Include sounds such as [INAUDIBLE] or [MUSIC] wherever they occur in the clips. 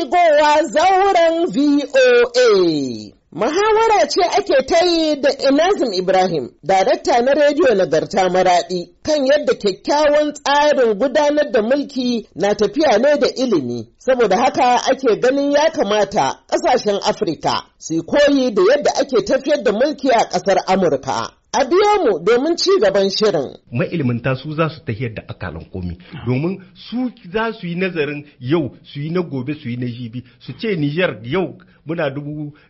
shigowa zauren VOA. Muhawara ce ake ta yi da Inazim Ibrahim, darakta na rediyo nagarta maraɗi, kan yadda kyakkyawan tsarin gudanar da mulki na tafiya ne da ilimi, saboda haka ake ganin ya kamata ƙasashen Afirka su koyi da yadda ake tafiyar da mulki a ƙasar Amurka. a biya mu domin ci gaban shirin. Ma'ilminta su za su tafiyar da akalan komi domin su za su yi nazarin yau su yi na gobe su yi na jibi su ce Nijar yau muna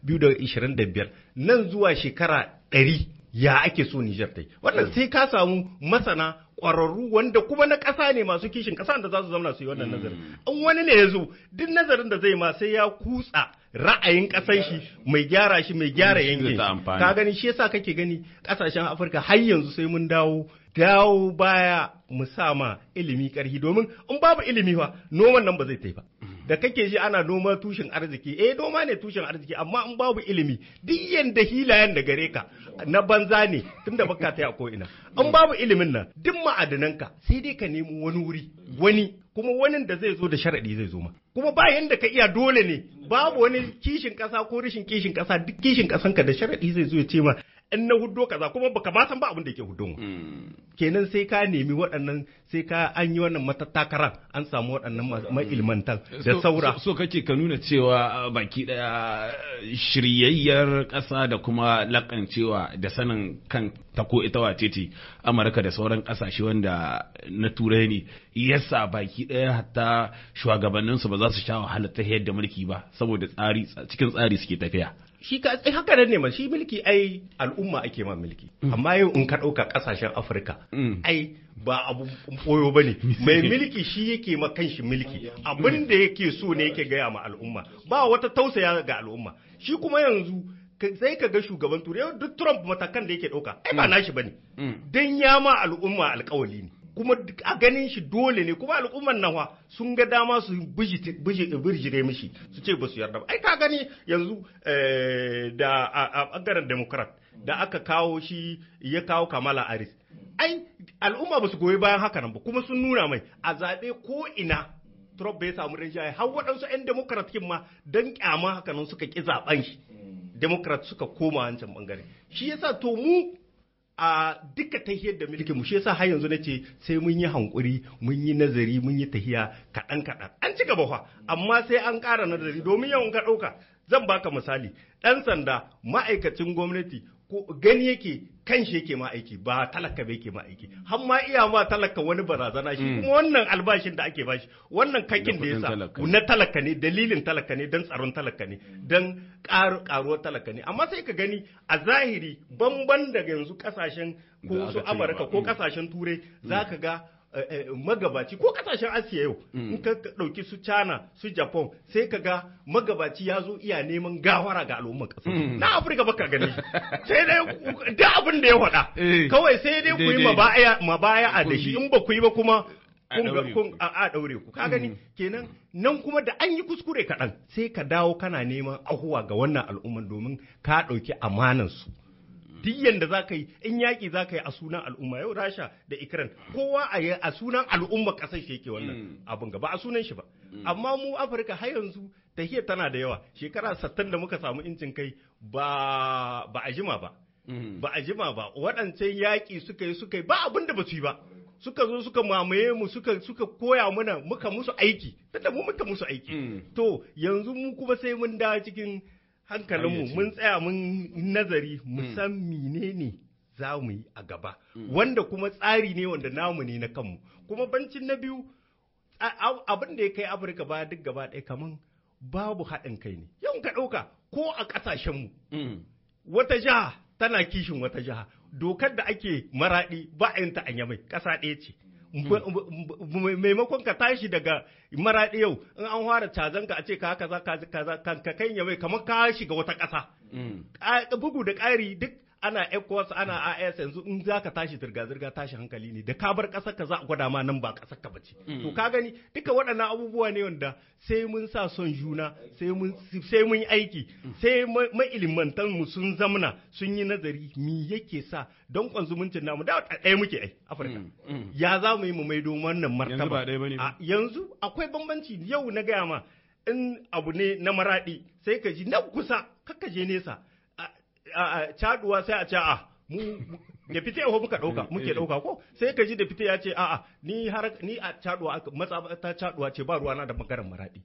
biyar nan zuwa shekara ɗari ya ake so Nijar ta yi. Wannan mm. sai ka samu masana ƙwararru wanda kuma na ƙasa ne masu kishin ƙasa da za su zauna su yi wannan nazarin. An mm. wani ne ya zo duk nazarin da zai ma sai ya kutsa ra'ayin ƙasar shi mai gyara shi mai gyara yankin ka gani shi yasa kake gani kasashen afirka har yanzu sai mun dawo dawo baya mu sa ma ilimi ƙarfi domin in babu ilimi fa noman nan ba zai tafi ba da kake ji ana noma tushen arziki eh noma ne tushen arziki amma in babu ilimi duk yanda hilayen da gare ka na banza ne tunda baka ta ko ina in babu ilimin nan duk ma'adanan ka sai dai ka nemi wani wuri wani kuma wani da zai zo da sharaɗi zai zo ma kuma ba yanda ka iya dole ne babu wani kishin ƙasa ko rashin kishin ƙasa duk kishin ƙasanka da sharaɗi zai zo ya ce ma in na huddo kaza kuma baka ba san ba abin da yake huddon hmm. kenan sai ka nemi waɗannan sai ka an yi wannan matattakaran an samu waɗannan hmm. ma'ilmantan da saura so kake ka nuna cewa uh, baki daya uh, shiryayyar ƙasa da kuma lakancewa da sanin kan ta ko ita wace ce amurka da sauran ƙasashe wanda na turai ne yasa baki daya hatta shugabanninsu ba za su sha wahala ta yadda mulki ba saboda tsari cikin tsari suke tafiya shi ka haka nan ne ma shi mulki ai al'umma ake ma mulki mm. amma yau in ka ɗauka kasashen afirka mm. ai ba abu koyo bane [LAUGHS] mai mulki shi yake ma kanshi mulki abin mm. da yake so ne yake gaya ma al'umma ba wata tausaya ga al'umma shi kuma yanzu sai ka ga shugaban turai duk trump matakan da yake ɗauka ai ba nashi ba ne ya ma al'umma alƙawali ne kuma a ganin shi dole ne kuma al'umman nawa sun ga dama su birjire mishi su ce ba su yarda ba ai ka gani yanzu eh, da a bangaren democrat da aka kawo shi ya kawo kamala aris ai al'umma ba su goyi bayan haka nan ba kuma sun nuna mai a zaɓe ko ina Trump bai samu rinjaye har waɗansu 'yan Democrat ma don kyama haka nan suka ƙi zaɓen shi. Democrat suka koma wancan bangare. Shi yasa to mu a duka tahiyar da mulkin mu shi yasa har yanzu nace sai mun yi hankuri mun yi nazari mun yi tahiya kaɗan kaɗan an ci gaba fa amma sai an ƙara nazari domin yawan ka ɗauka zan baka misali ɗan sanda ma'aikacin gwamnati gani yake kan shi yake ma aiki ba talaka ba yake ma aiki har ma iya ma talaka wani barazana shi mm. kuma wannan albashin da ake bashi wannan kakin da yasa na talaka ne dalilin talaka ne dan tsaron talaka ne dan karuwar talaka ne amma sai ka gani a zahiri bamban daga yanzu kasashen ko su Amurka ko kasashen mm. Turai za ka mm. ga Eh, eh, magabaci ko kasashen asiya yau mm. in ka ɗauki su china su japan sai ka ga magabaci ya zo iya neman gawara ga al'umma ƙasa mm. na afirka baka gani sai dai duk abin da ya faɗa eh. kawai sai dai ku yi a da shi in ba ku yi ba kuma kun a daure ku ka gani mm. kenan nan kuma da an yi kuskure kaɗan sai ka dawo kana neman ahuwa ga wannan al'umman domin ka ɗauki amanansu. su duk yanda za ka yi in yaƙi za ka yi a sunan al'umma yau rasha da ikran kowa a yi a sunan al'umma ƙasar shi yake wannan mm. abin gaba a sunan shi ba mm. amma mu afirka har yanzu tahiyar tana da yawa shekara sattan da muka samu incin kai ba ba a jima ba mm. ba a jima ba waɗancan yaƙi suka yi suka yi ba abin da ba su yi ba suka zo suka mamaye mu suka suka koya mana muka musu aiki tunda mu muka musu aiki to yanzu mu kuma sai mun da cikin hankalinmu mun tsaya mun nazari mu hmm. san menene za mu yi a gaba hmm. wanda kuma tsari ne wanda namu ne na kanmu kuma bancin na biyu abin da ya kai afirka ba duk gaba ɗaya kaman babu haɗin kai ne yau ka ɗauka ko a ƙasashenmu hmm. wata jiha tana kishin wata jiha dokar da ake maraɗi ba a yanta a yamai ƙasa ɗaya ce Mm. maimakon ka tashi daga maraɗi yau in an fara cazan ka a ce ka kaza kaza ka kai yamai kamar ka shiga wata ƙasa mm. bugu da ƙari duk ana Ecos ana AS yanzu in za ka tashi zirga-zirga tashi hankali ne da ka bar ƙasar ka za a gwada ma nan ba ƙasar ka bace mm. to ka gani duka waɗannan abubuwa ne wanda sai mun sa son juna sai mun sai mun aiki mm. sai mailimantan mu sun zamna sun yi nazari mi yake sa don kwanzumuncin namu da ɗaya muke ai Afirka mm, ya za mu yi mu maido wannan martaba yanzu akwai bambanci yau na gaya ma in abu ne na maraɗi sai ka ji na kusa kakka je nesa wa sai a ce a ah, mu da fite ho muka ɗauka [LAUGHS] muke eh. ɗauka ko sai ka ji da fite ya ce a'a ah, ah, ni har ni a caduwa matsa ta caduwa ce ba ruwa na da magaran maradi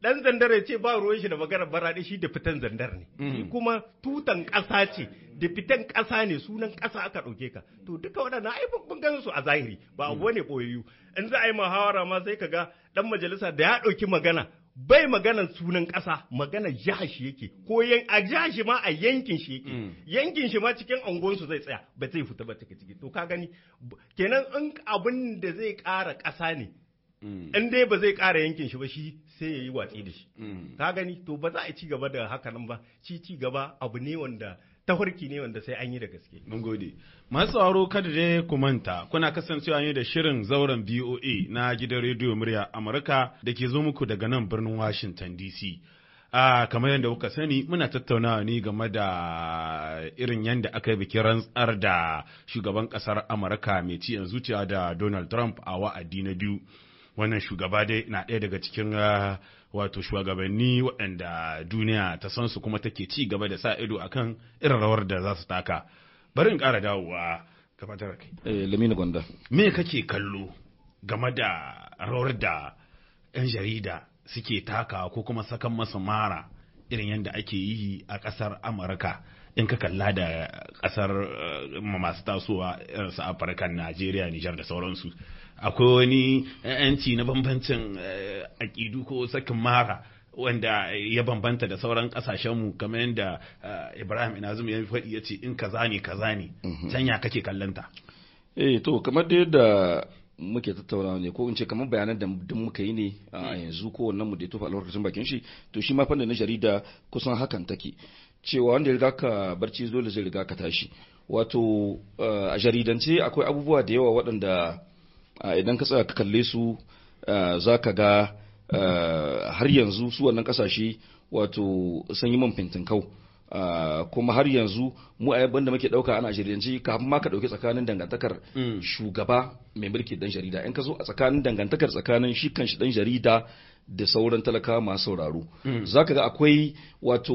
dan mm. zandar ya ce ba ruwan shi da magaran maradi shi da fitan zandar ne mm. kuma tutan ƙasa ce da fitan ne sunan ƙasa aka ɗauke ka to duka waɗannan ai ban gan su a zahiri ba abu mm. ne boyayyu in za a yi muhawara ma sai ka ga dan majalisa da ya ɗauki magana bai maganar sunan ƙasa maganar jihar shi yake ko a jihar shi ma a yankin shi yake mm. yankin shi ma cikin angonsu zai tsaya ba zai fita ba take ciki to ka gani kenan in abin da zai ƙara ƙasa ne mm. in dai ba zai ƙara yankin shi ba shi sai ya yi watsi da shi mm. ka gani to ba za a ci gaba da haka nan ba ci ci gaba abu ne wanda tafarki ne wanda sai an yi da gaske. Mun gode. Masu tsaro kada dai ku manta kuna kasancewa ne da shirin zauren BOA na gidan rediyo murya Amurka da ke zo muku daga nan birnin Washington DC. A kamar yadda kuka sani muna tattaunawa ne game da irin yadda aka yi bikin rantsar da shugaban kasar Amurka mai ci yanzu zuciya da Donald Trump a wa'adi na biyu. Wannan shugaba dai na ɗaya daga cikin wato shugabanni waɗanda duniya ta san su kuma take ci gaba da sa ido akan irin rawar da za su taka bari in ƙara dawowa gabatar kai eh lamina gwanda me kake kallo game da rawar da yan jarida suke taka ko kuma sakan masa mara irin yadda ake yi a ƙasar amurka in ka kalla da ƙasar eh, masu tasowa irinsu afirka najeriya nijar da sauransu akwai wani yanci na bambancin eh, aƙidu ko sakin mara wanda ya bambanta da sauran kasashenmu kamar yadda eh, ibrahim inazum ya faɗi ya ce in kaza ne kaza ne mhm. ya kake kallanta eh to kamar da muke tattaunawa ne ko in ce kamar bayanan da duk muka yi ne a mm. yanzu ko wannan mu da ya tofa alwarkacin bakin shi to shi ma fanda na jarida kusan hakan take cewa wanda ya riga ka barci dole zai riga ka tashi wato eh, a jaridance akwai abubuwa da yawa waɗanda Ah, idan ka tsaya ka kalle su ah, za ka ga ah, har yanzu su wannan kasashe wato sun yi man fintinkau kuma har yanzu mu a yabban da muke dauka ana shiryanci kafin ma ka dauki tsakanin dangantakar mm. shugaba mai mulki dan jarida in ka zo a tsakanin dangantakar tsakanin shi kan shi dan jarida da sauran talakawa masu sauraro hmm. za ka ga akwai wato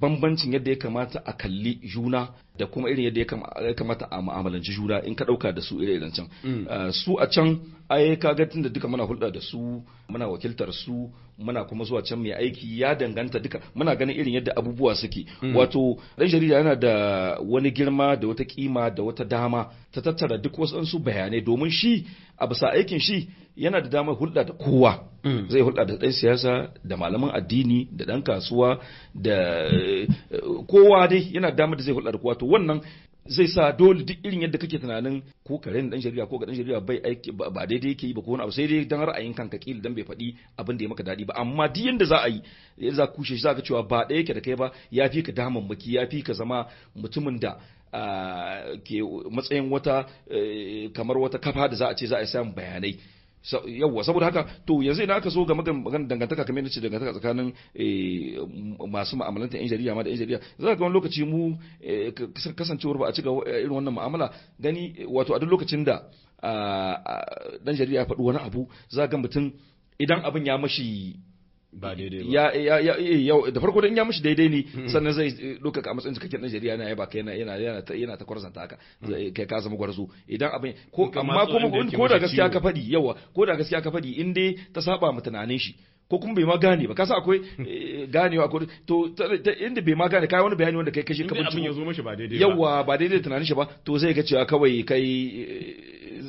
bambancin yadda ya kamata a kalli juna da kuma irin yadda ya kamata a ma'amalanci juna in ka ɗauka da su irin can hmm. ah, su a can ai ka ga tunda duka muna hulɗa da su muna wakiltar su muna kuma zuwa can mai aiki ya danganta duka muna ganin irin yadda abubuwa suke hmm. wato ɗan jarida yana da wani girma da wata kima da wata dama ta tattara duk wasu bayanai domin shi a bisa aikin shi yana da damar hulɗa da kowa Mm. zai hulɗa da ɗan siyasa da malaman addini da ɗan kasuwa da eh, kowa dai yana damar da zai hulɗa da kowa to wannan zai sa dole duk irin yadda kake tunanin ko karen dan shari'a ko ga dan shari'a bai aiki ba daidai yake yi ba ko wani abu sai dai dan ra'ayin kanka kila dan bai faɗi abin da ya maka daɗi ba amma duk yanda za a yi yadda za kushe shi za ka cewa ba ɗaya yake da kai ba ya fi ka damammaki ya fi ka zama mutumin da ah, ke matsayin wata eh, kamar wata kafa da za a ce za a samu bayanai yawwa saboda haka to yanzu idan aka so ga magana dangantaka kamar yadda ce dangantaka tsakanin eh, masu ma'amalanta yan jarida ma da yan jarida za ga wani lokaci mu eh, kasancewar ba a ci irin wannan mu'amala gani wato a duk lokacin da dan jarida ya faɗi wani abu za ga mutum idan abin ya mashi ba daidai ba ya ya ya eh, da farko dan ya mishi daidai ne mm-hmm. sannan zai doka eh, ka matsayin cikakken Najeriya na yaba kai yana yana yana ta kwarzanta haka mm-hmm. kai ka zama gwarzo idan abin ko amma ko da gaskiya ka fadi yawa ko da gaskiya ka fadi in dai ta saba mu tunanin shi ko kuma bai ma gane ba kasa akwai hmm. eh, ganewa akwai to inda bai ma gane kai wani bayani wanda kai kashe ka bincin ya zo ba daidai yawa ba daidai tunanin shi ba to zai ga cewa kawai kai eh,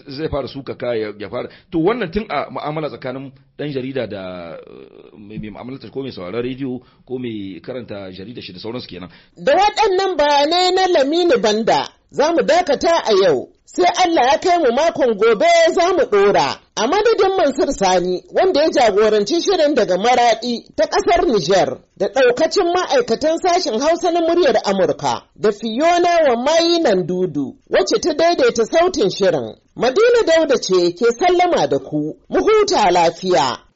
zai fara suka ka ya fara to wannan tun a mu'amala tsakanin dan jarida da eh, mai mu'amala ko mai sauraron rediyo ko mai karanta jarida shi da sauransu kenan da waɗannan bayanai na Lamini Banda za mu dakata a yau, sai Allah ya kai mu makon gobe za mu ɗora. A madadin Mansur Sani wanda ya jagoranci shirin daga Maraɗi ta ƙasar Nijar da ɗaukacin ma'aikatan sashen Hausa na muryar Amurka da Fiona wa mayi nan dudu wacce ta daidaita sautin shirin. Madina Dauda ce ke sallama da ku, mu huta lafiya.